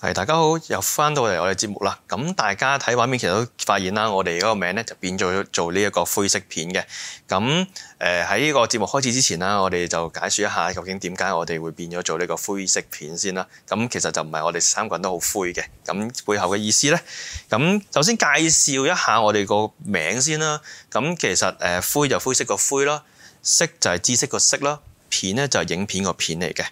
係，大家好，又翻到嚟我哋節目啦。咁大家睇畫面其實都發現啦，我哋嗰個名咧就變咗做呢一個灰識片嘅。咁誒喺呢個節目開始之前啦，我哋就解説一下究竟點解我哋會變咗做呢個灰識片先啦。咁其實就唔係我哋三個人都好灰嘅。咁背後嘅意思咧，咁首先介紹一下我哋個名先啦。咁其實誒灰就灰色個灰咯，識就係知識個識啦，片咧就係影片個片嚟嘅。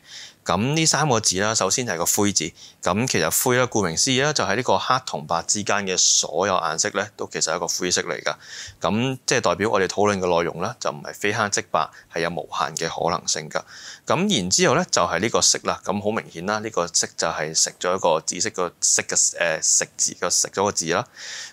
咁呢三個字啦，首先係個灰字。咁其實灰咧，顧名思義咧，就係呢個黑同白之間嘅所有顏色咧，都其實係一個灰色嚟㗎。咁即係代表我哋討論嘅內容啦，就唔係非黑即白，係有無限嘅可能性㗎。咁然之後咧，就係呢個色啦。咁好明顯啦，呢個色就係食咗一個紫色個色嘅誒、呃、食字個食咗個字啦。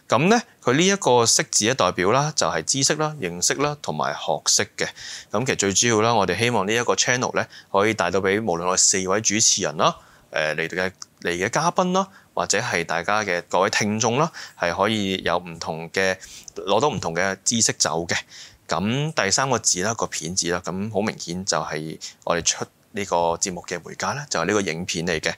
咁咧，佢呢一個識字咧代表啦，就係知識啦、認識啦同埋學識嘅。咁其實最主要啦，我哋希望呢一個 channel 咧，可以帶到俾無論我哋四位主持人啦、誒嚟嘅嚟嘅嘉賓啦，或者係大家嘅各位聽眾啦，係可以有唔同嘅攞到唔同嘅知識走嘅。咁第三個字啦，個片字啦，咁好明顯就係我哋出呢個節目嘅回家啦，就係、是、呢個影片嚟嘅。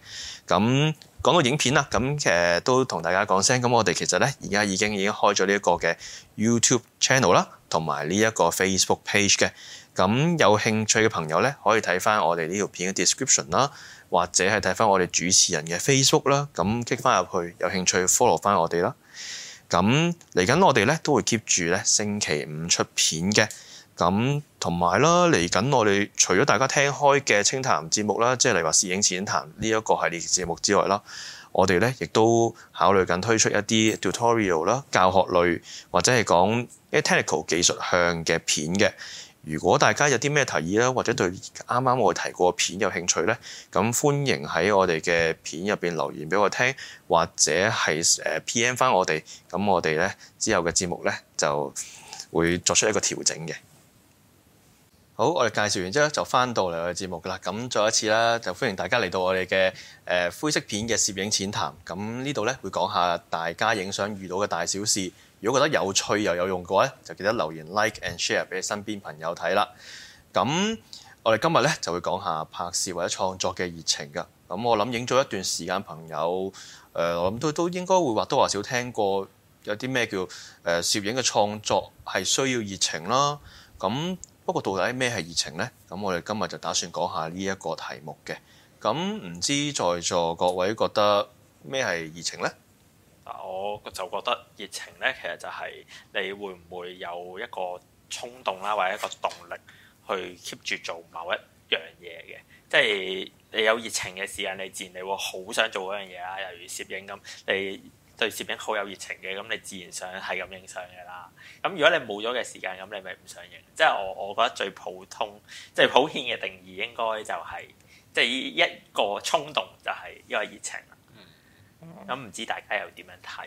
咁講到影片啦，咁誒都同大家講聲，咁我哋其實咧，而家已經已經開咗呢一個嘅 YouTube channel 啦，同埋呢一個 Facebook page 嘅。咁有興趣嘅朋友咧，可以睇翻我哋呢條片嘅 description 啦，或者係睇翻我哋主持人嘅 Facebook 啦。咁擊翻入去，有興趣 follow 翻我哋啦。咁嚟緊我哋咧都會 keep 住咧，星期五出片嘅。咁同埋啦，嚟緊我哋除咗大家聽開嘅清談節目啦，即係例如話攝影淺談呢一個系列節目之外啦，我哋咧亦都考慮緊推出一啲 tutorial 啦，教學類或者係講講 technical 技術向嘅片嘅。如果大家有啲咩提議啦，或者對啱啱我提過嘅片有興趣咧，咁歡迎喺我哋嘅片入邊留言俾我聽，或者係誒 P.M. 翻我哋，咁我哋咧之後嘅節目咧就會作出一個調整嘅。好，我哋介紹完之後就翻到嚟我哋節目噶啦。咁再一次啦，就歡迎大家嚟到我哋嘅誒灰識片嘅攝影淺談。咁呢度咧會講下大家影相遇到嘅大小事。如果覺得有趣又有用嘅話，就記得留言 like and share 俾身邊朋友睇啦。咁我哋今日咧就會講下拍攝或者創作嘅熱情噶。咁我諗影咗一段時間，朋友、呃、我諗都都應該會或多或少聽過有啲咩叫誒攝影嘅創作係需要熱情啦。咁不過到底咩係熱情呢？咁我哋今日就打算講下呢一個題目嘅。咁唔知在座各位覺得咩係熱情呢？我就覺得熱情呢，其實就係你會唔會有一個衝動啦，或者一個動力去 keep 住做某一樣嘢嘅。即係你有熱情嘅時間，你自然你會好想做嗰樣嘢啦。例如攝影咁，你，對攝影好有熱情嘅，咁你自然想係咁影相嘅啦。咁如果你冇咗嘅時間，咁你咪唔想影。即係我我覺得最普通，即係普遍嘅定義應該就係、是，即係一個衝動就係因為熱情啦。咁唔、嗯、知大家又點樣睇？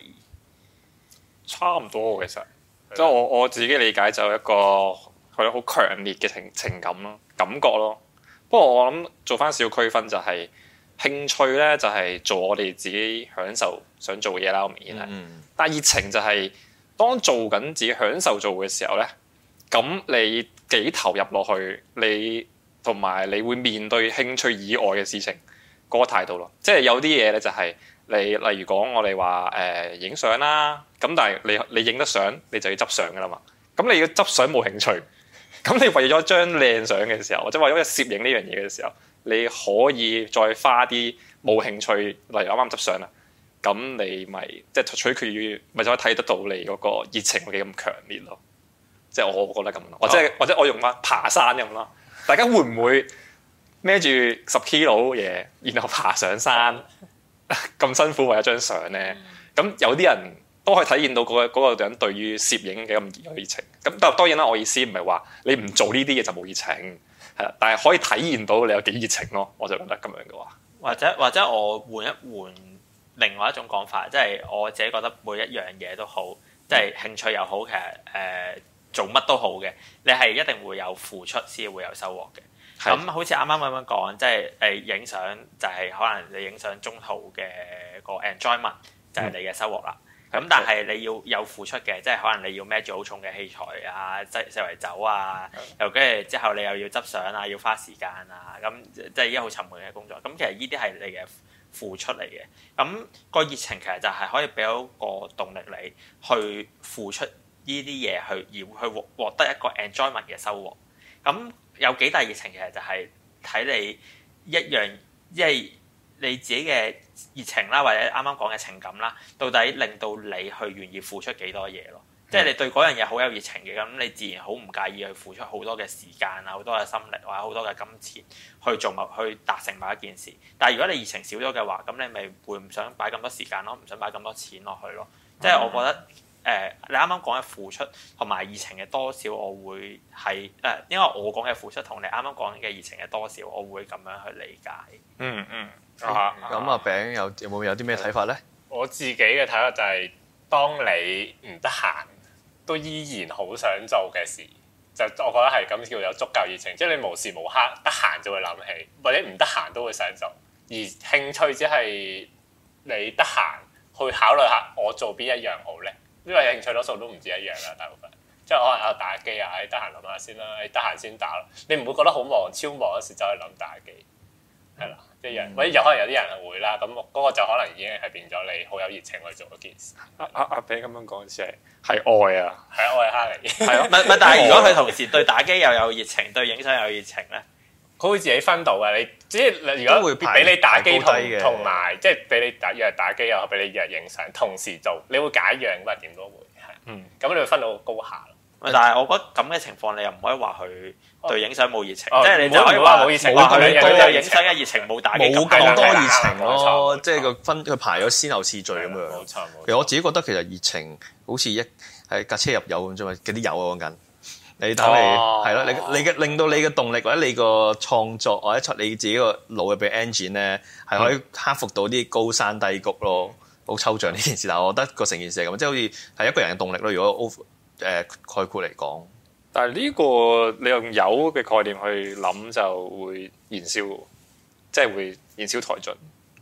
差唔多其實，即係吧我我自己理解就一個佢好強烈嘅情情感咯，感覺咯。不過我諗做翻小區分就係、是。興趣咧就係做我哋自己享受想做嘅嘢啦，好明顯係。Mm hmm. 但係熱情就係、是、當做緊自己享受做嘅時候咧，咁你幾投入落去，你同埋你會面對興趣以外嘅事情嗰、那個態度咯。即係有啲嘢咧就係、是、你，例如講我哋話誒影相啦，咁但係你你影得相，你就要執相噶啦嘛。咁你要執相冇興趣，咁你為咗張靚相嘅時候，或者為咗攝影呢樣嘢嘅時候。你可以再花啲冇興趣，例如啱啱執相啦，咁你咪即係取決於，咪就可以睇得到你嗰個熱情會幾咁強烈咯。即係我覺得咁咯，或者、oh. 或者我用翻爬山咁咯，大家會唔會孭住十 kilo 嘢，然後爬上山咁 辛苦為一張相咧？咁有啲人都可以體現到嗰、嗰、嗰個、嗰個、人對於攝影嘅咁熱情。咁但係當然啦，我意思唔係話你唔做呢啲嘢就冇熱情。係啦，但係可以體現到你有幾熱情咯，我就覺得咁樣嘅話或，或者或者我換一換另外一種講法，即係我自己覺得每一樣嘢都好，即係興趣又好，其實誒做乜都好嘅，你係一定會有付出先會有收穫嘅。咁是好似啱啱咁樣講，即係誒影相就係可能你影相中途嘅個 enjoyment 就係你嘅收穫啦。嗯。咁但係你要有付出嘅，即係可能你要孭住好重嘅器材啊，即係四圍走啊，又跟住之後你又要執相啊，要花時間啊，咁即係依家好沉悶嘅工作。咁其實呢啲係你嘅付出嚟嘅，咁、那個熱情其實就係可以俾到一個動力你去付出呢啲嘢去，而去獲獲得一個 enjoyment 嘅收穫。咁有幾大熱情其實就係睇你一樣，即、就、係、是、你自己嘅。熱情啦，或者啱啱講嘅情感啦，到底令到你去願意付出幾多嘢咯？嗯、即係你對嗰樣嘢好有熱情嘅咁，你自然好唔介意去付出好多嘅時間啊，好多嘅心力或者好多嘅金錢去做埋，去達成某一件事。但係如果你熱情少咗嘅話，咁你咪會唔想擺咁多時間咯，唔想擺咁多錢落去咯。嗯嗯，即係我覺得，誒、呃，你啱啱講嘅付出同埋熱情嘅多少，我會係誒、呃，因為我講嘅付出同你啱啱講嘅熱情嘅多少，我會咁樣去理解。嗯嗯。啊！咁阿餅有有冇有啲咩睇法咧？我自己嘅睇法就係、是，當你唔得閒都依然好想做嘅事，就我覺得係咁叫有足夠熱情，即係你無時無刻得閒就會諗起，或者唔得閒都會想做。而興趣只係你得閒去考慮下，我做邊一樣好咧？因為有興趣多數都唔止一樣啦，大部分即係可能啊打機啊，誒得閒諗下先啦，你得閒先打咯。你唔會覺得好忙超忙嗰時走去諗打機，係啦。嗯啲人，或者又可能有啲人係會啦，咁、那、嗰個就可能已經係變咗你好有熱情去做嗰件事。阿阿阿比咁樣講，似係係愛啊，係愛家嚟嘅。唔唔、 啊， 但係如果佢同時對打機又有熱情，對影相又有熱情咧，佢 會自己分到嘅。你即係，如果會俾是你打機同埋，即係俾你日日打機，又俾你日影相，同時做，你會揀一樣，乜點都會係。嗯，咁 你就分到個高下。但係我覺得咁嘅情況，你又唔可以話佢對影相冇熱情，哦、即係是你唔可以話冇熱情。佢佢對影相嘅熱情冇大冇咁多熱情咯，錯即係個分佢排咗先後次序咁錯樣。錯其實我自己覺得其實熱情好似一喺架車入油咁啫嘛，幾啲油啊講緊。你等嚟係咯，你你嘅令到你嘅動力或者你個創作或者出你自己個腦入面嘅 engine 咧，係可以克服到啲高山低谷咯。好抽象呢、嗯、件事，但係我覺得個成件事係咁，即係好似係一個人嘅動力咯。如果。誒概括嚟講，但係呢個你用油嘅概念去諗，就會燃燒，即係會燃燒殆盡，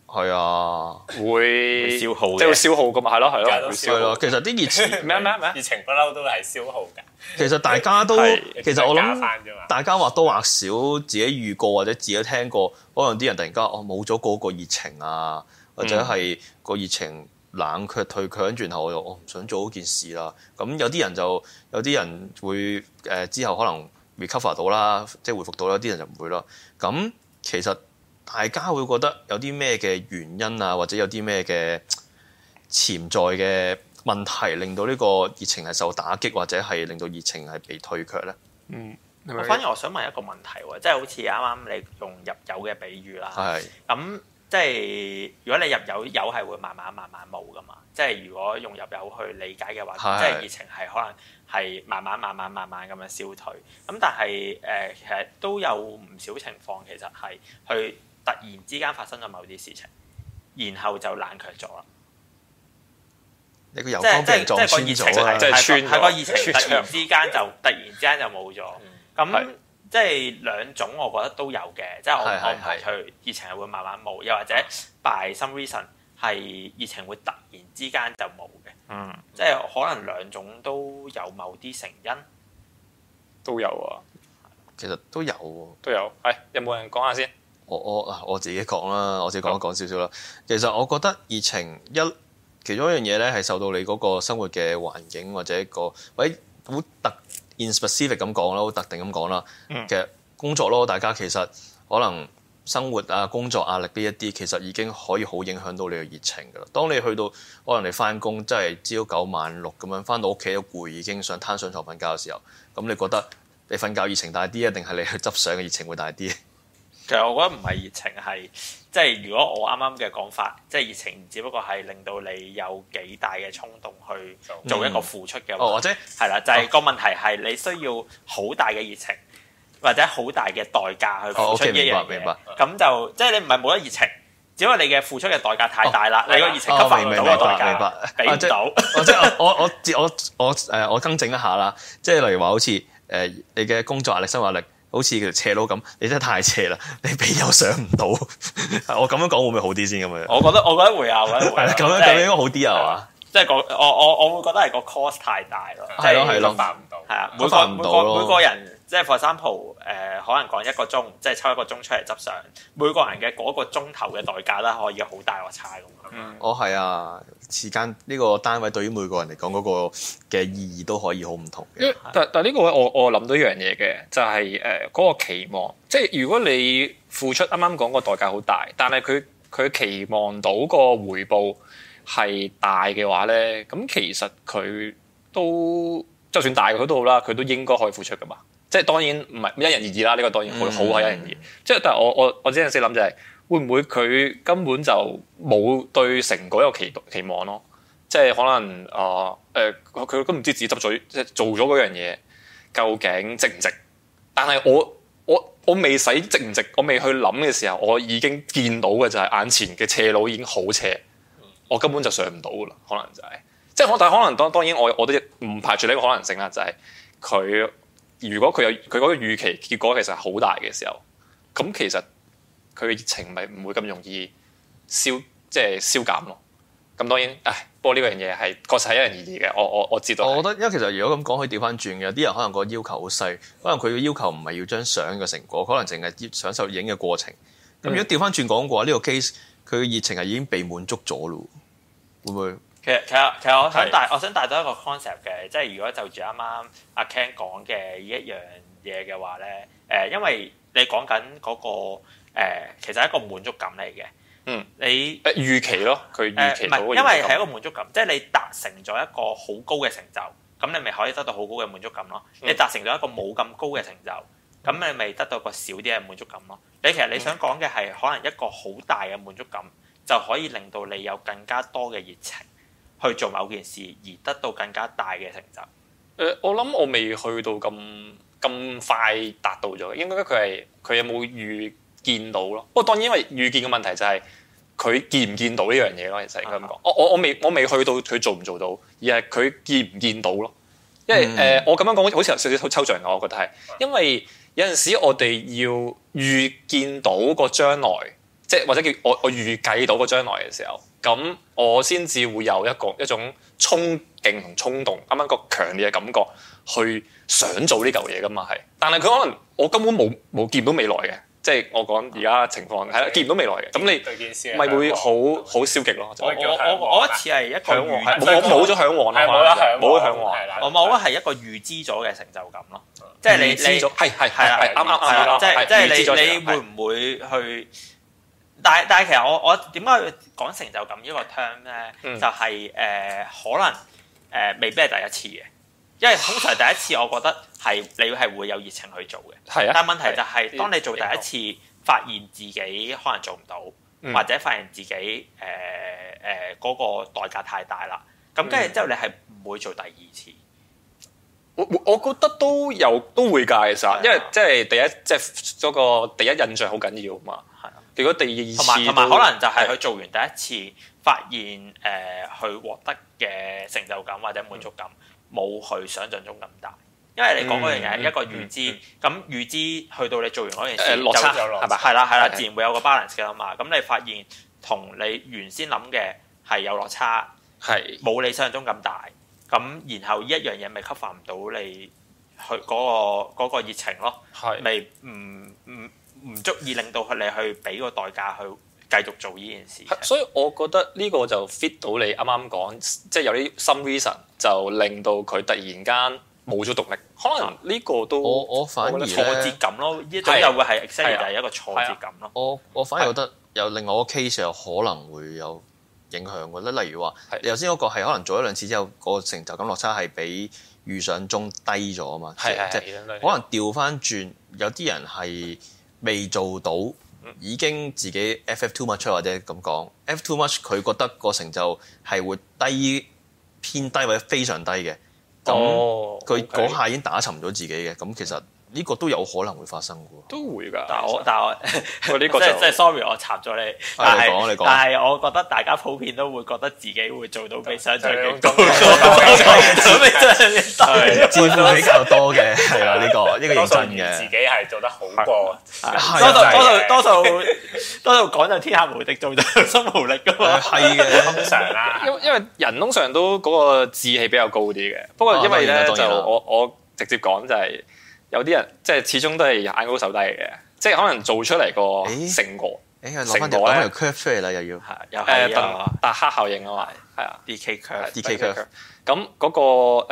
係啊，會消耗，即係會消耗噶嘛，係咯，係咯，係咯。其實啲熱情咩咩咩熱情不嬲都係消耗嘅。其實大家都其實我諗，大家或多或少自己遇過或者自己聽過，可能啲人突然間哦冇咗嗰個熱情啊，或者係個熱情。冷卻、退卻咁，然後我又我唔想做嗰件事啦。咁有啲人就有啲人會誒、呃、之後可能 recover 到啦，即係回復到啦。有啲人就唔會咯。咁其實大家會覺得有啲咩嘅原因啊，或者有啲咩嘅潛在嘅問題，令到呢個熱情係受打擊，或者係令到熱情係被退卻咧？嗯，是是我反而我想問一個問題喎，即係好似啱啱你用入油嘅比喻啦，係咁是。即係如果你入油，油係會慢慢慢慢冇㗎嘛。即係如果用入油去理解嘅話，是的 即係熱情係可能係慢慢慢慢慢慢咁樣消退。咁但係誒、呃，其實都有唔少情況，其實係去突然之間發生咗某啲事情，然後就冷卻咗啦。你即係、就是、即係個熱情就係穿，係、呃、個,串了 個熱情突然之間就 突然之間就冇咗。咁即係兩種，我覺得都有嘅。即係是我我唔係去熱情係會慢慢冇，又或者 by some reason 係熱情會突然之間就冇嘅。嗯，即係可能兩種都有某啲成因，都有啊。其實都有、啊，都，有啊、都有。係有冇人講下先？我我啊，我自己講啦，我自己講一講少少啦。嗯、其實我覺得熱情一其中一樣嘢咧，係受到你嗰個生活嘅環境或者一個，喂好特。In specific 咁講啦，好特定咁講啦，嗯、其實工作咯，大家其實可能生活啊、工作壓力呢一啲，其實已經可以好影響到你嘅熱情㗎啦。當你去到可能你翻工真係朝九晚六咁樣，翻到屋企都攰，已經想攤上床瞓覺嘅時候，咁你覺得你瞓覺熱情大啲啊，定係你去執相嘅熱情會大啲？其實我覺得唔係熱情係。即係如果我啱啱嘅講法，即係熱情，只不過係令到你有幾大嘅衝動去做一個付出嘅話，哦，即係係啦，就係個問題係你需要好大嘅熱情，或者好大嘅代價去付出一樣嘢。明白，明白，咁就即係你唔係冇咗熱情，只不過你嘅付出嘅代價太大啦，你個熱情給翻唔到代價，俾唔到。我即係我我我我誒，我更正一下啦，即係例如話好似誒，你嘅工作壓力、生活壓力。好似條斜路咁，你真係太斜啦！你俾又上唔到， 我咁樣講會唔會好啲先咁樣？我覺得我覺得會啊，我覺得會咁、啊、 樣咁、就是、樣應該好啲啊嘛！即係個我我我會覺得係個 cost 太大咯，即係你發唔到，係啊，每個唔到。每個人。即係 for example，、呃、可能講一個鐘，即係抽一個鐘出嚟執相，每個人嘅嗰個鐘頭嘅代價啦，可以好大或差㗎嘛。哦係、嗯、啊，時間呢個單位對於每個人嚟講嗰個嘅意義都可以好唔同嘅、嗯。但但呢個咧，我我諗到一樣嘢嘅，就係誒嗰個期望，即係如果你付出啱啱講個代價好大，但係佢佢期望到個回報係大嘅話咧，咁其實佢都就算大佢都好啦，佢都應該可以付出㗎嘛。即係當然唔係因人而異啦，呢、這個當然會、嗯、好係因人而異。即係、嗯、但係我我我隻陣時諗就係、是、會唔會佢根本就冇對成果有期期望咯。即係可能啊誒，佢、呃呃、都唔知自己執嘴，即係做咗嗰樣嘢究竟值唔值？但係我我我未使值唔值，我未去諗嘅時候，我已經見到嘅就係眼前嘅斜路已經好斜，我根本就上唔到噶啦。可能就係、是、即係可但係可能當當然我我都唔排除呢個可能性啦，就係、是、佢。如果佢有佢嗰個預期結果其實係好大嘅時候，咁其實佢嘅熱情咪唔會咁容易消，即係消減咯。咁當然，唉，不過呢樣嘢係確實係因人而異嘅。我我我知道。我覺得，因為其實如果咁講，可以調翻轉嘅，有啲人可能個要求好細，可能佢嘅要求唔係要張相嘅成果，可能淨係要享受影嘅過程。咁如果調翻轉講嘅話，呢個 case 佢嘅熱情係已經被滿足咗咯，會唔會？其實其實其實我想帶我想帶到一個 concept 嘅，即係如果就住啱啱阿 Ken 講嘅一樣嘢嘅話咧，誒，因為你講緊嗰個誒，其實係一個滿足感嚟嘅，嗯，你誒預期咯，佢預期唔係因為係一個滿足感，即係你達成咗一個好高嘅成就，咁你咪可以得到好高嘅滿足感咯。你達成咗一個冇咁高嘅成就，咁你咪得到個少啲嘅滿足感咯。你其實你想講嘅係可能一個好大嘅滿足感就可以令到你有更加多嘅熱情。去做某件事而得到更加大嘅成就。誒、呃，我諗我未去到咁咁快達到咗，應該佢係佢有冇預見到咯？不過當然因為預見嘅問題就係佢見唔見到呢樣嘢咯。其實應該咁講、嗯，我我我未我未去到佢做唔做到，而係佢見唔見到咯。因為誒、嗯呃，我咁樣講好似有少少好抽象嘅，我覺得係，因為有陣時我哋要預見到個將來，即係或者叫我我預計到個將來嘅時候。咁我先至會有一個一種衝勁同衝動，啱啱個強烈嘅感覺，去想做呢嚿嘢㗎嘛，係。但係佢可能我根本冇冇見到未來嘅，即係我講而家情況係見唔到未來嘅。咁你對件事咪會好好消極咯。我我我一次係一個嚮往，冇咗嚮往咯，冇咗嚮往，冇咗嚮往。我我覺得係一個預知咗嘅成就感咯，即係你知咗係係係啱啱啱。即係即係你你會唔會去？但係但係，其實我我點解講成就感呢個 term 咧？就係誒可能誒未必係第一次嘅，因為通常第一次我覺得係你係會有熱情去做嘅。係啊，但係問題就係當你做第一次，發現自己可能做唔到，或者發現自己誒誒嗰個代價太大啦，咁跟住之後你係唔會做第二次。我我覺得都有都會㗎其實，因為即係第一即係嗰個第一印象好緊要嘛。如果第二次，同埋可能就係佢做完第一次，發現誒佢獲得嘅成就感或者滿足感冇佢想象中咁大，因為你講嗰樣嘢一個預知，咁預知去到你做完嗰件事落差，係嘛？係啦係啦，自然會有個 balance 嘅嘛。咁你發現同你原先諗嘅係有落差，係冇你想象中咁大。咁然後依一樣嘢咪吸 o 唔到你去嗰個嗰熱情咯，咪唔唔。唔足以令到佢你去俾個代價去繼續做呢件事。所以我覺得呢個剛剛就 fit 到你啱啱講，即係有啲 some reason 就令到佢突然間冇咗動力。可能呢個都我覺覺我反而挫折感咯，呢啲又會係 exactly 又係一個挫折感咯、啊。我我反而覺得有另外一個 case 有的可能會有影響嘅。即例如話，頭先嗰個係可能做咗兩次之後，個成就感落差係比預想中低咗嘛。係係 Strike. inda f 可能調翻轉，有啲人係 f。f intell lawsuits 未做到，已經自己 f f too much 或者咁講 f too much 佢覺得個成就係會低於偏低或者非常低嘅，咁佢、哦、嗰下已經打沉咗自己嘅，咁、哦 okay、其實。呢個都有可能會發生嘅，都會㗎。但係我但係呢個即係 sorry 我插咗你。但係但係，我覺得大家普遍都會覺得自己會做到比想象更高咗，係佔比較多嘅。係啊，呢個呢個認真嘅，自己係做得好過。多數多數多數多數講就天下無敵，做就心無力噶嘛。係嘅，通常啦。因因為人通常都嗰個志氣比較高啲嘅。不過因為咧，就我我直接講就係。有啲人即係始終都係眼高手低嘅，即係可能做出嚟個成果，成果咧又要係又誒，達達黑效應啊嘛，係啊，D K c 咁嗰個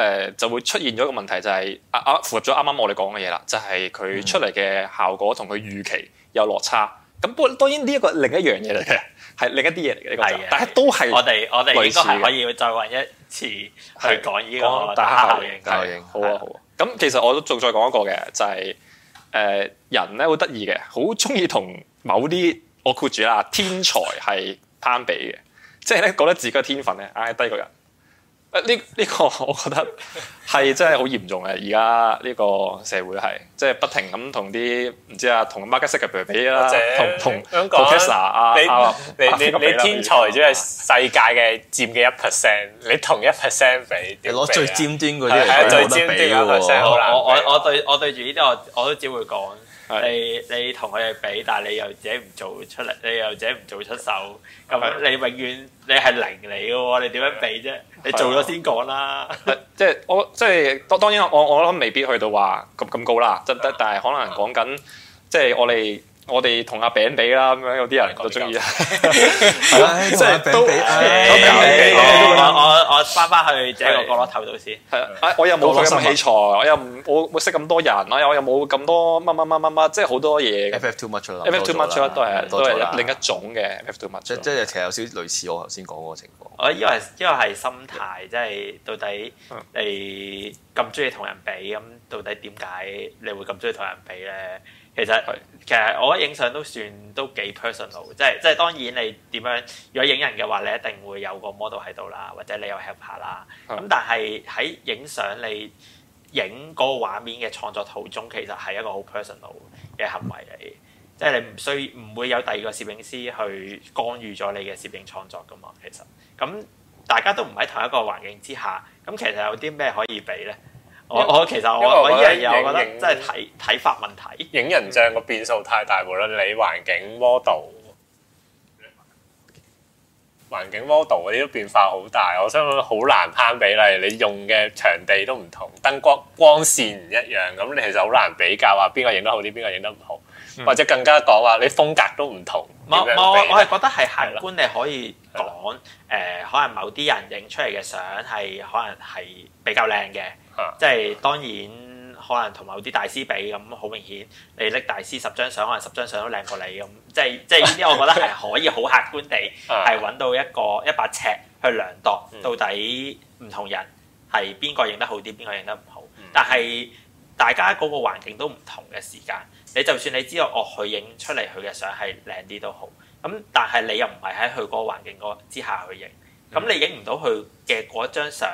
誒就會出現咗個問題，就係啊符合咗啱啱我哋講嘅嘢啦，就係佢出嚟嘅效果同佢預期有落差。咁不過當然呢一個另一樣嘢嚟嘅，係另一啲嘢嚟嘅呢個，但係都係我哋我哋應該可以再問一次去講呢個達黑效應效應，好啊好啊。咁其實我都仲再講一個嘅，就係、是、誒、呃、人咧好得意嘅，好中意同某啲我括住啦，天才係攀比嘅，即係咧覺得自己嘅天分咧矮低過人。呢呢、呢個我覺得係真係好嚴重嘅，而家呢個社會係即係不停咁同啲唔知啊，同 Mark Zuckerberg 比啦，同同 d a k 啊，你、你、你、你、你天才只係世界嘅佔嘅一 percent，你同一 percent 比，攞最尖端嗰啲嚟比，最尖端嗰個好難嘅。我我我，我對我對住呢啲我我都只會講。是你你同佢哋比，但係你又自己唔做出嚟，你又自己唔做出手，咁是的 你永遠你係零嚟嘅喎，你點樣比啫？你做咗先講啦。即係我即係當然，我我諗未必去到話咁咁高啦，得得，但係可能講緊即係我哋。我哋同阿餅比啦，咁樣有啲人都中意，即係都。我我我翻翻去整個角落頭度先。係啊，我又冇咁多器材，我又冇我我識咁多人，我又冇咁多乜乜乜乜乜，即係好多嘢。F F too much 啦，F F too much 啦，都係都係另一種嘅 F too much，即即係其實有少類似我頭先講嗰個情況。我依個係依個心態，即係到底你咁中意同人比，咁到底點解你會咁中意同人比咧？其實是其實我覺得影相都算都幾 personal，即係即係當然你點樣如果影人嘅話，你一定會有個 model 喺度啦，或者你有 help 下啦。咁但係喺影相你影嗰個畫面嘅創作途中，其實係一個好 personal 嘅行為嚟，即係你唔需唔會有第二個攝影師去干預咗你嘅攝影創作㗎嘛。其實咁大家都唔喺同一個環境之下，咁其實有啲咩可以畀咧？我其實我唯一係有覺得，覺得真係睇睇法問題。影人像個變數太大，無論你環境、model、環境 model 嗰啲都變化好大，我相信好難攀比。例如你用嘅場地都唔同，燈光光線唔一樣，咁你其實好難比較話邊個影得好啲，邊個影得唔好，嗯、或者更加講話你風格都唔同。冇、嗯、我係覺得係客觀，你可以講誒、呃，可能某啲人影出嚟嘅相係可能係比較靚嘅。啊、即係當然，可能同某啲大師比咁，好明顯，你搦大師十張相，可能十張相都靚過你咁。即係即係呢啲，我覺得係可以好客觀地係揾、啊、到一個一把尺去量度，嗯、到底唔同人係邊個影得好啲，邊個影得唔好。但係大家嗰個環境都唔同嘅時間，你就算你知道哦，佢影出嚟佢嘅相係靚啲都好。咁但係你又唔係喺佢嗰個環境之下去影，咁你影唔到佢嘅嗰張相。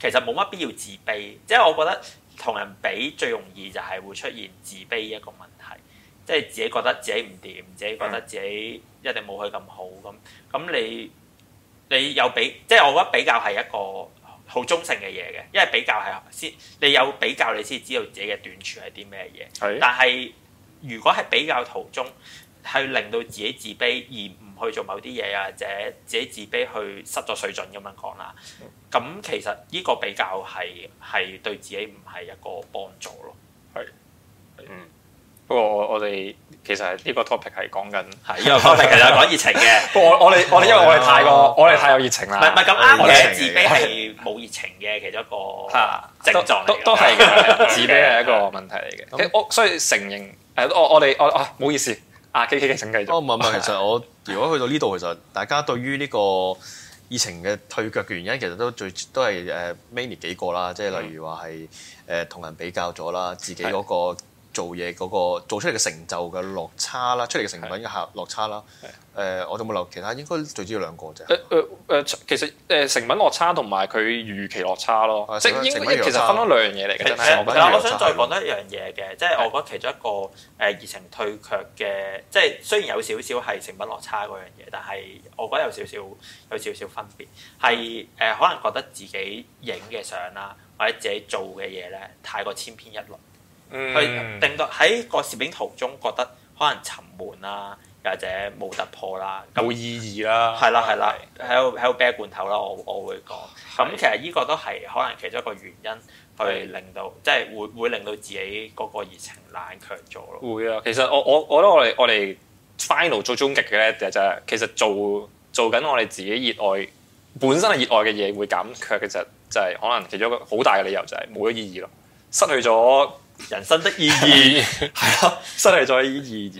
其實冇乜必要自卑，即係我覺得同人比最容易就係會出現自卑一個問題，即係自己覺得自己唔掂，自己覺得自己一定冇佢咁好咁。咁你你有比，即係我覺得比較係一個好中性嘅嘢嘅，因為比較係先，你有比較你先知道自己嘅短處係啲咩嘢。但係如果係比較途中係令到自己自卑而，去做某啲嘢，啊，或者自己自卑去失咗水準咁樣講啦。咁其實呢個比較係係對自己唔係一個幫助咯。係，嗯。不過我哋其實呢個 topic 係講緊，係因為 topic 其實係講熱情嘅。不過 我哋我哋因為我哋太過 我哋太有熱情啦。唔係唔係，咁啱嘅自卑係冇熱情嘅其中一個症狀， 都都係 自卑係一個問題嚟嘅。 我所以承認誒，我我哋我啊，唔好意思。啊，K K 嘅繼續，哦，唔係唔係？其實我如果去到呢度，其實大家對於呢個熱情嘅退卻嘅原因，其實都最都係誒 many 幾個啦，即係例如話係誒同人比較咗啦，自己嗰個做嘢嗰個做出嚟嘅成就嘅落差啦，出嚟嘅成品嘅下落差啦，誒是的、呃，我都冇留其他，應該最主要兩個啫、呃。誒、呃呃、其實誒、呃、成品落差同埋佢預期落差咯，即係應該其實分咗兩樣嘢嚟嘅。我想再講多一樣嘢嘅，即係是的 我覺得其中一個誒熱情退卻嘅，即係雖然有少少係成品落差嗰樣嘢，但係我覺得有少少有少少分別，係誒、呃、可能覺得自己影嘅相啦，或者自己做嘅嘢咧，太過千篇一律。去、嗯、定到喺個攝影途中覺得可能沉悶啦，又或者冇突破啦，冇意義啦，係啦係啦，喺喺個啤罐頭啦，我我會講。咁其實呢個都係可能其中一個原因，去令到即係會會令到自己嗰個熱情冷卻咗咯。會啊，其實我我我覺得我哋我哋 final 做終極嘅咧，就係其實做做緊我哋自己熱愛本身嘅熱愛嘅嘢會減卻其實就係可能其中一個好大嘅理由就係冇咗意義咯，失去咗。人生的意義，係咯、 啊，失去咗意義。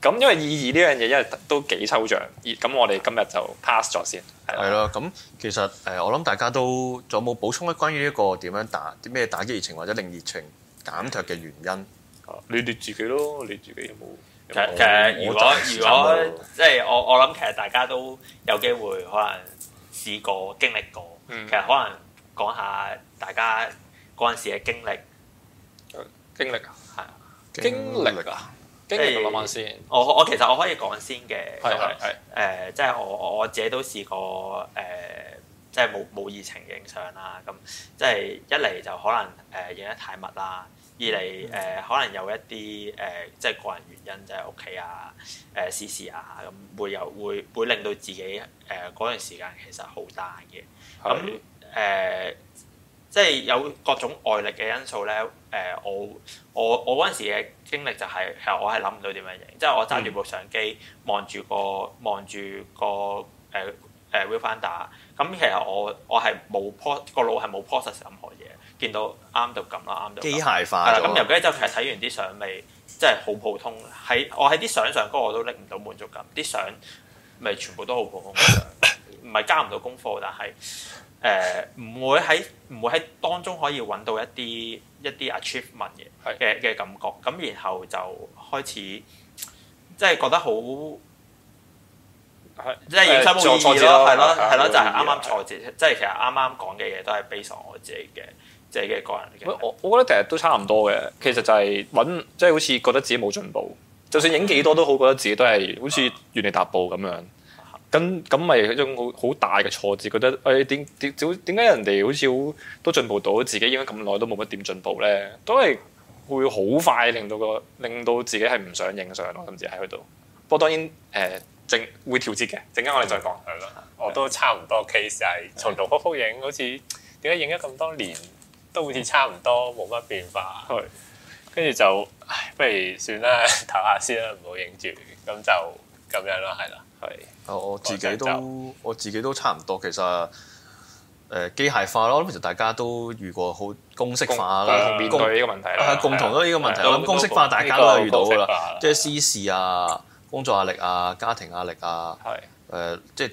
咁、嗯、因為意義呢樣嘢，因為都幾抽象。咁我哋今日就 pass 咗先，係咯。咁其實誒，我諗大家都仲有冇補充咧？關於一個點樣打啲咩打擊熱情或者令熱情減弱嘅原因？啊，你哋自己咯，你自己有冇？其實其實，我其實如果如果即係我我諗，其實大家都有機會可能試過經歷過。嗯、其實可能講下大家嗰陣時嘅經歷。經歷啊，係啊的，經歷啊，經歷，諗下先。我我其實我可以講先嘅，係係係。誒、呃，即係我我自己都試過誒、呃，即係冇冇熱情影相啦。咁即係一嚟就可能誒影得太密啦，二嚟誒、呃、可能有一啲誒、呃、即係個人原因，就係屋企啊誒事事啊咁，會有會會令到自己誒嗰段時間其實好難嘅。咁誒的、呃，即係有各種外力嘅因素咧。誒、呃、我我我嗰陣時嘅經歷就係、是、其實我係諗唔到點樣影，即係我揸住部相機望住、嗯、個望住個誒誒 viewfinder，咁其實我我係冇 po 個腦係冇 process 任何嘢，見到啱到撳啦，啱到機械化咗。咁由嗰陣就係睇完啲相未，即係好普通。喺我喺啲相上嗰個我都拎唔到滿足感，啲相咪全部都好普通。唔係 交唔到功課，但係。誒唔會喺唔會喺當中可以揾到一啲一啲 achievement 嘅嘅嘅感覺，咁然後就開始即係覺得好即係影相冇意義咯，係咯係咯，就係啱啱挫折。即係其實啱啱講嘅嘢都係 base 我自己嘅即係嘅個人嘅。我我覺得其實都差唔多嘅，其實就係揾即係好似覺得自己冇進步，就算影幾多都好，覺得自己都係好似原地踏步咁樣。咁咁咪一種好好大嘅挫折，覺得誒點點點解人哋好似都進步到，自己影咗咁耐都冇乜點進步咧，都係會好快令到個令到自己係唔想影相咯，甚至喺嗰度。不過當然誒整、呃、會調節嘅，陣間我哋再講。係咯，我都差唔多 case 係重複複影，好似點解影咗咁多年都好似差唔多冇乜變化。係，跟住就唉不如算啦，唞下先啦，唔好影住，咁就咁樣咯，係啦。係，我我自己都我自己都差唔多，其實誒呃、機械化咯。其實大家都遇過好公式化啦，同面對呢個問題，係共同都呢個問題，我諗公式化大家都係遇到噶啦。即係私事啊，工作壓力啊，家庭壓力啊，係誒是的、呃，即係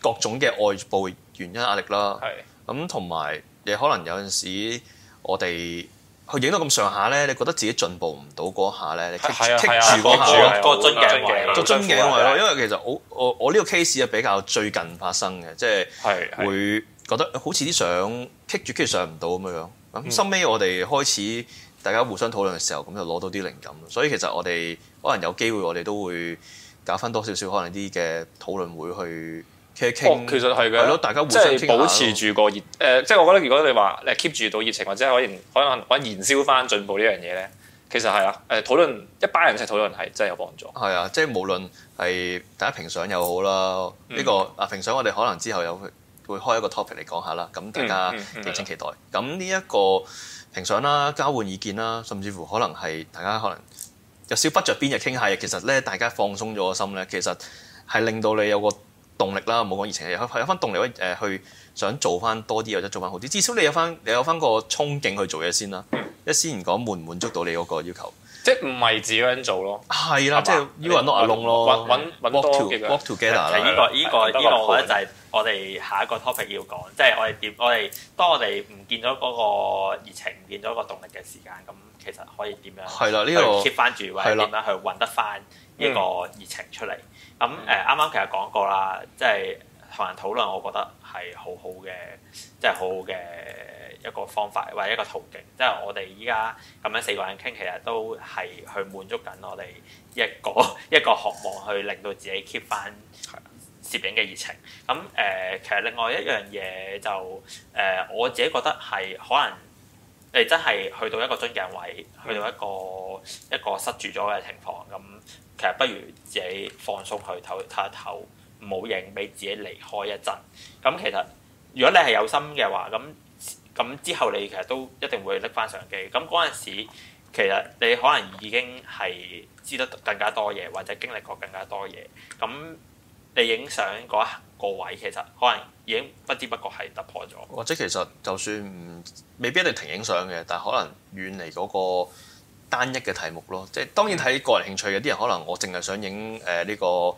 各種嘅外部原因壓力啦、啊。係咁是的，同埋你可能有陣時我哋。佢影到咁上下咧，你覺得自己進步唔到嗰下咧，你棘住棘住嗰下咯，個樽頸位咯。因為其實我、嗯、我我呢個 case 係比較最近發生嘅，即、就、係、是、會覺得好似啲相棘住棘住上唔到咁樣。咁收尾我哋開始大家互相討論嘅時候，咁就攞到啲靈感。所以其實我哋可能有機會，我哋都會搞翻多少少可能啲嘅討論會去。其實傾，係咯、哦，大家互相傾下，即係保持住個熱。誒、呃，即係我覺得，如果你話你 keep 住到熱情，或者可以可能可燃燒翻進步呢樣嘢咧，其實係啊。誒，討論一班人一齊討論係真係有幫助。係啊，即係無論係大家評賞又好啦，呢、嗯呢個啊評賞我哋可能之後有會開一個 topic 嚟講下啦。咁大家敬請期待。咁呢一個評賞啦、交換意見啦，甚至乎可能係大家可能有少不着邊嘅傾下嘅，其實咧，大家放鬆咗個心咧，其實係令到你有個動力啦，冇講熱情，有有翻動力誒去想做翻多啲，或者做翻好啲。至少你有翻，你有翻個憧憬去做嘢先啦。一先唔講滿唔滿足到你嗰個要求，即係唔係自己一個做咯？係啦，即係 you are not alone 咯。work to work together 啦。呢個呢個依個我覺得就係我哋下一個 topic 要講，即係我哋點我哋當我哋唔見咗嗰個熱情，唔見咗個動力嘅時間，咁其實可以點樣？係啦，呢個 keep 翻住，或者點樣去揾得翻依個熱情出嚟？咁誒啱啱其實講過啦，即係同人討論，我覺得係好好嘅，即係好好嘅一個方法或者一個途徑。即係我哋依家咁樣四個人傾，其實都係去滿足緊我哋一個一個渴望，去令到自己 keep 翻攝影嘅熱情。咁誒、呃，其實另外一樣嘢就誒、呃，我自己覺得係可能。你真係去到一個樽頸位，去到一個一個塞住咗嘅情況，咁其實不如自己放鬆去唞唞一唞，唔好影，俾自己離開一陣。咁其實如果你係有心嘅話，咁咁之後你其實都一定會拎翻相機。咁嗰陣時，其實你可能已經係知得更加多嘢，或者經歷過更加多嘢。咁你影相嗰一刻，個位其實可能已經不知不覺係突破咗，或者其實就算唔未必一定停影相嘅，但可能遠離嗰個單一嘅題目咯。即係當然睇個人興趣嘅，啲人可能我淨係想影誒呢個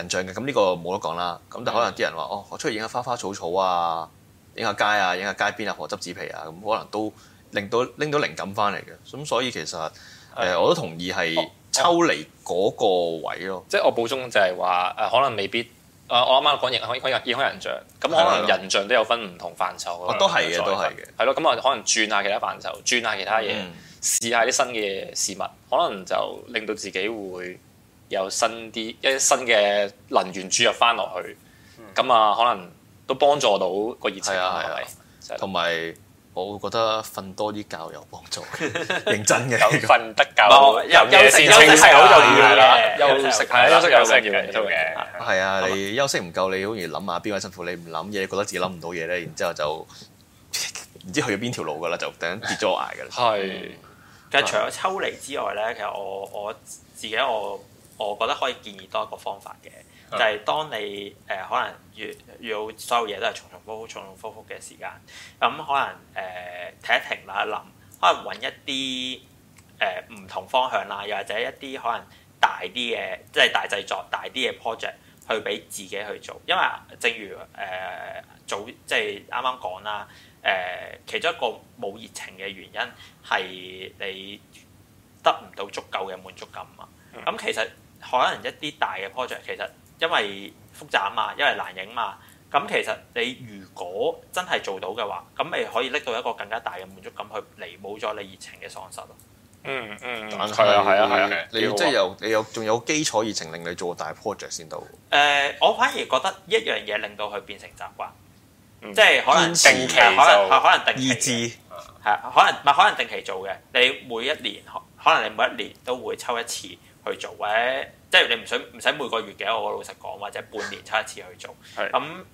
人像嘅，咁、這、呢個冇得講啦。咁但可能啲人話哦，我出去影下花花草草啊，影下街啊，影下街邊啊，何執紙皮啊，咁可能都令到拎到靈感翻嚟嘅。咁所以其實誒、呃，我都同意係抽離嗰個位咯。嗯嗯嗯、即係我補充就係話誒，可能未必。啊！Uh, 我啱啱講型，講講人，講人像，咁可能人像都有分唔同範疇、哦。都係嘅，下都係嘅，係咯。咁我可能轉下其他範疇，轉下其他嘢，試、嗯、下啲新嘅事物，可能就令到自己會有新啲一新嘅能源注入翻落去。咁啊、嗯，可能都幫助到個熱情係咪？同埋、嗯。我會覺得瞓多啲覺有幫助，認真嘅，瞓 得夠、嗯，休休息係好重要嘅，休息係休息休息。休息要嘅，係啊，你休息唔夠，你好容易諗下邊位辛苦，你唔諗嘢，覺得自己諗唔到嘢咧，然之後就唔知去咗邊條路噶啦，就突然跌咗埋噶啦。係 是，嗯、其實除咗抽離之外咧，其實我我，我自己我我覺得可以建議多一個方法嘅。就係當你誒、呃、可能越，越有所有嘢都係重重複複重重複複嘅時間，咁、嗯、可能誒、呃、停一停，諗一諗，可能揾一啲誒唔同方向啦，又或者一啲可能大啲嘅，即、就、係、是、大製作、大啲嘅 project 去俾自己去做。因為正如誒、呃、早即係啱啱講啦，誒、呃、其中一個冇熱情嘅原因係你得唔到足夠嘅滿足感啊。咁、嗯嗯、其實可能一啲大嘅 project 其實。因為複雜啊嘛，因為難影嘛，咁其實你如果真係做到嘅話，咁咪可以拎到一個更加大嘅滿足感，去彌補咗你熱情嘅喪失咯。嗯嗯，係啊係啊係啊，你即係由你有仲有基礎熱情，令你做大 project 先到。誒，我反而覺得一樣嘢令到佢變成習慣，即係可能定期做，可能定期，係可能唔係可能定期做嘅，你每一年可能你每一年都會抽一次去做，或者即係你唔想唔使每個月嘅，我老實講，或者半年抽一次去做。咁是的、嗯、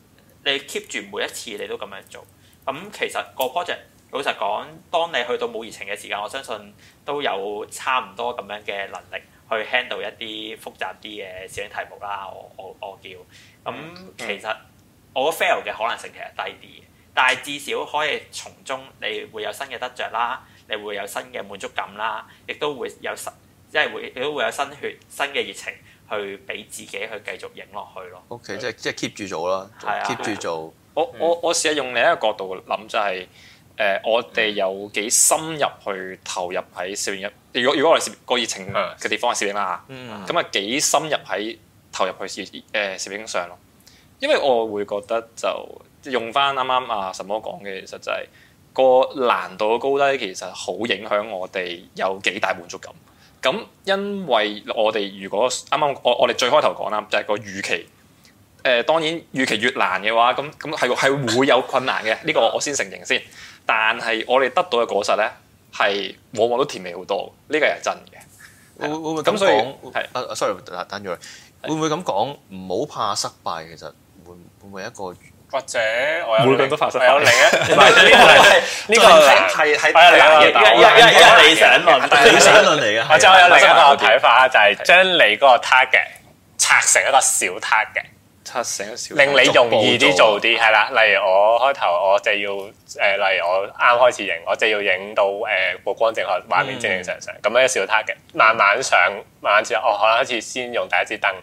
你 keep 住每一次你都咁樣做，咁、嗯、其實個 project 老實講，當你去到冇熱情嘅時間，我相信都有差唔多咁樣嘅能力去 handle 一啲複雜啲嘅攝影題目啦。我我我叫咁，嗯嗯、其實我 fail 嘅可能性其實低啲嘅，但係至少可以從中你會有新嘅得着啦，你會有新嘅滿足感啦，亦都會有即係會，你都會有新血、新嘅熱情去俾自己去繼續影落去咯。OK，是即係即係 keep 住做啦，keep 住做。啊、做我、啊、我我試下用另一個角度諗，就係、是、誒、呃，我哋有幾深入去投入喺攝影入。如果如果我哋攝個熱情嘅地方係攝影啦，咁啊幾深入喺投入去攝誒攝影上咯。因為我會覺得就用翻啱啱阿什麼講嘅，其實就係個難度嘅高低，其實好影響我哋有幾大滿足感。咁因為我哋如果啱啱我我哋最開頭講啦，就係、是、個預期。誒、呃、當然預期越難嘅話，咁咁係係會有困難嘅，呢 個我先承認先。但係我哋得到嘅果實咧，係往往都甜美好多。呢、這個係真嘅。會會唔會咁講？係啊，sorry，等住。會唔會咁講？唔好怕失敗，其實會會唔會一個？或者我每樣都發生，有嚟啊！呢個係呢個係係係難嘅，一一一理想論，理想論嚟嘅。或者我有另一個睇法，就係將你嗰個 target 拆成一個小 target，拆成小令你容易啲做啲。係啦，例如我開頭我就要誒，例如我啱開始影，我就要影到誒曝光正確，畫面正正常常咁樣小 target，慢慢上，慢慢上。我可能開始先用第一支燈。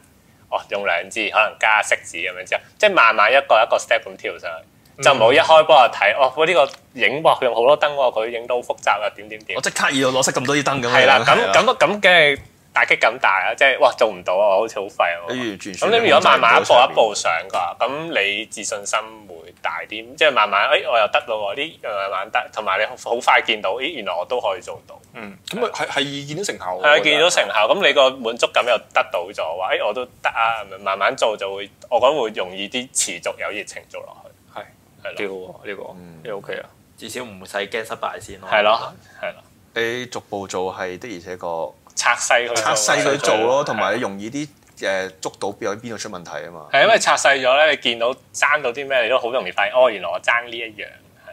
哦，用兩支可能加色紙咁樣之後，即係慢慢一個一個 step 咁跳上去，嗯、就唔好一開波就睇哦、這個！哇，呢個影幕用好多燈喎，佢影到好複雜呀，點點點。我即刻要攞熄咁多啲燈咁的樣。係啦的，咁咁咁嘅。打擊咁大啊！即係哇，做唔到啊，好似好廢啊！咁你如果慢慢一步一步上嘅話，咁你自信心會大啲，即係慢慢，哎，我又得咯喎！呢樣慢慢得，同埋你好快見到，咦，原來我都可以做到。嗯，咁啊，係意見到成效。係啊，見到成效，咁你個滿足感又得到咗，話哎，我都得啊！慢慢做就會，我覺得會容易啲，持續有熱情做落去。係，係啦。好喎，呢個呢個 OK 啊，至少唔使驚失敗先咯。係咯，係咯。你逐步做係的，而且確。拆細佢，拆細佢做咯，同埋對你容易啲誒對捉到邊喺邊度出問題啊嘛。係因為拆細咗咧，嗯、你見到爭到啲咩，你都好容易發現。哦，原來我爭呢一樣。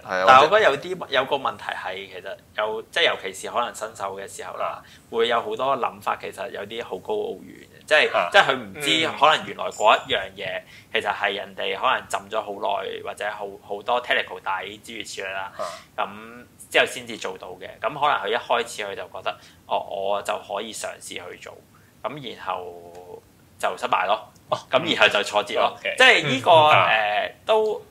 但係我覺得有啲有個問題係，其實有即係尤其是可能新手嘅時候啦，會有好多諗法，其實有啲好高騖遠嘅，即係、uh, 即係佢唔知、um, 可能原來嗰一樣嘢其實係人哋可能浸咗好耐或者好好多 technical 底諸如此類啦。咁、uh, 之後先至做到嘅，咁可能佢一開始佢就覺得哦，我就可以嘗試去做，咁然後就失敗咯。哦，咁然後就挫折咯。okay. 即係呢、這個誒、uh, 都。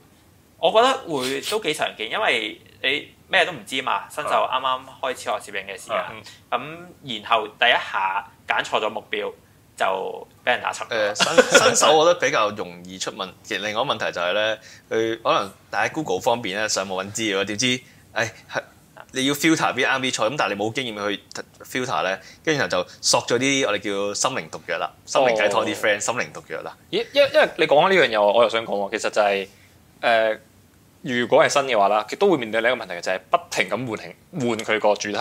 我覺得會都幾常見，因為你咩都唔知嘛，新手啱啱開始學攝影嘅時間，咁、嗯、然後第一下揀錯咗目標就俾人打柒。誒、呃，新手我覺得比較容易出問，其 另外一個問題就係、是、咧，佢可能喺 Google 方面咧上網揾資料，點知誒你要 filter 啲啱啲菜，咁但係你冇經驗去 filter 咧，跟住就索咗啲我哋叫心靈毒藥啦，心靈解拖啲 friend，心靈毒藥啦。咦、哦？因為因為你講緊呢樣嘢，我又想講喎，其實就係、是、誒。呃如果係新嘅話啦，亦都會面對另一個問題嘅，就係不停咁換佢換佢個主題，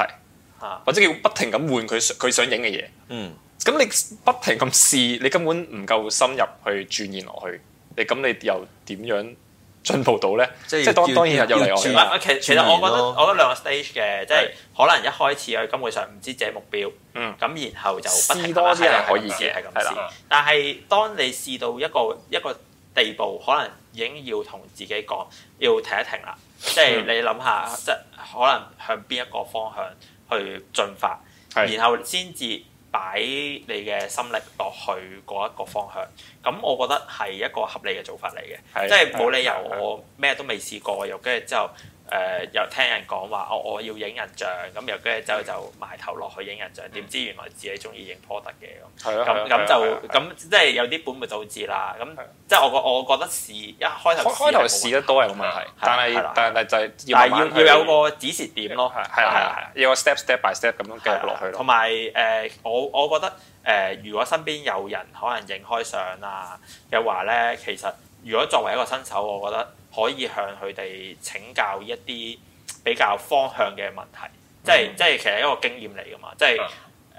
或者叫不停咁換佢佢想影嘅嘢。嗯，咁你不停咁試，你根本唔夠深入去鑽研落去。你咁你又點樣進步到咧？即係當當然又嚟我。其實其實我覺得我覺得兩個 stage 嘅，即係可能一開始佢根本上唔知自己目標。嗯。咁然後就試多啲係可以嘅。係咁試，但係當你試到一個一個地步，可能已經要同自己講，要停一停啦。即係你諗下，即係可能向邊一個方向去進發，是然後先至擺你嘅心力落去嗰一個方向。咁我覺得係一個合理嘅做法嚟嘅，是即係冇理由我咩都未試過，又跟住之後。誒又聽人講話，我我要影人像，咁又跟住之後就埋頭落去影人像，點知原來自己中意影 product 嘅咁，咁咁就咁，即係有啲本末倒置啦。咁即係我我覺得試一開頭，開頭試得多有問題，但係但係就係要要有個指示點咯。係啊係啊，要個 step step by step 咁樣繼續落去咯。同埋誒，我我覺得誒，如果身邊有人可能影開相啊嘅話咧，其實如果作為一個新手，我覺得。可以向佢哋請教一啲比較方向嘅問題，即係即係其實一個經驗嚟噶嘛，即係誒、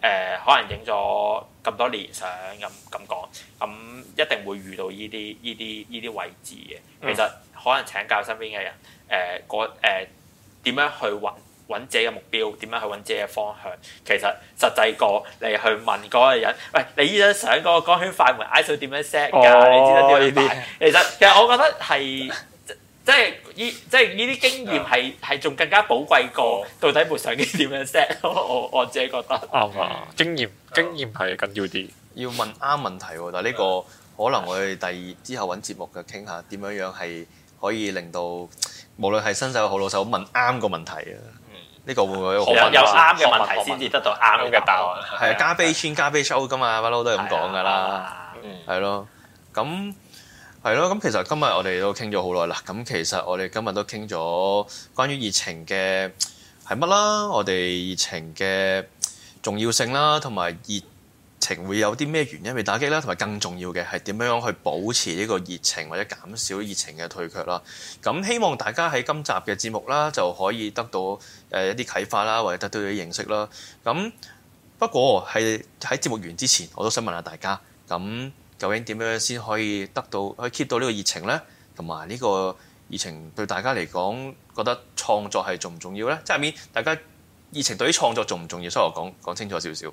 呃、可能影咗咁多年相咁咁講，咁、嗯、一定會遇到呢啲呢啲呢啲位置嘅。其實可能請教身邊嘅人誒個誒點樣去揾揾自己嘅目標，點樣去揾自己嘅方向。其實實際過你去問嗰個人，喂，你呢張相嗰光圈快門 ISO 點樣 set 㗎？哦、你知樣點樣其實其實我覺得係。 即係呢即係呢啲經驗係係仲更加寶貴過到底部相機點樣 set？我我自己覺得啱啊，經驗經驗係緊要啲。要問啱問題喎，但係呢個可能我哋第二之後揾節目嘅傾下點樣樣係可以令到無論係新手好老手問啱個問題啊。呢個會唔會有啱嘅問題先至得到啱嘅答案？係啊，garbage in garbage out 噶嘛，不嬲都係咁講㗎啦。嗯，係咯，咁。係咯，咁其實今日我哋都傾咗好耐啦。咁其實我哋今日都傾咗關於熱情嘅係乜啦？我哋熱情嘅重要性啦，同埋熱情會有啲咩原因被打擊啦？同埋更重要嘅係點樣樣去保持呢個熱情或者減少熱情嘅退卻啦？咁希望大家喺今集嘅節目啦就可以得到誒一啲啟發啦，或者得到一啲認識啦。咁不過係喺節目完之前，我都想問下大家咁。究竟點樣先可以得到，可以 keep 到呢個熱情呢？同埋呢個熱情對大家嚟講，覺得創作係重唔重要呢？即係面大家熱情對於創作重唔重要，所以我講講清楚少少。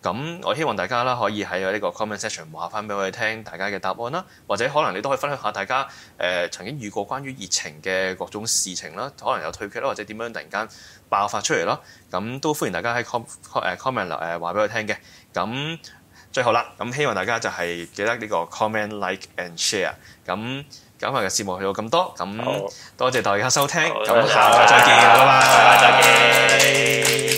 咁我希望大家啦，可以喺呢個 comment section 話翻俾我哋聽，大家嘅答案啦，或者可能你都可以分享下大家誒、呃、曾經遇過關於熱情嘅各種事情啦，可能有退卻啦，或者點樣突然間爆發出嚟啦。咁都歡迎大家喺 com、comment 嚟誒話俾我聽嘅。咁最後啦，咁希望大家就係記得呢個 comment、like and share。咁今日嘅節目去到咁多，咁好多謝大家收聽，咁好那下集再見，拜拜。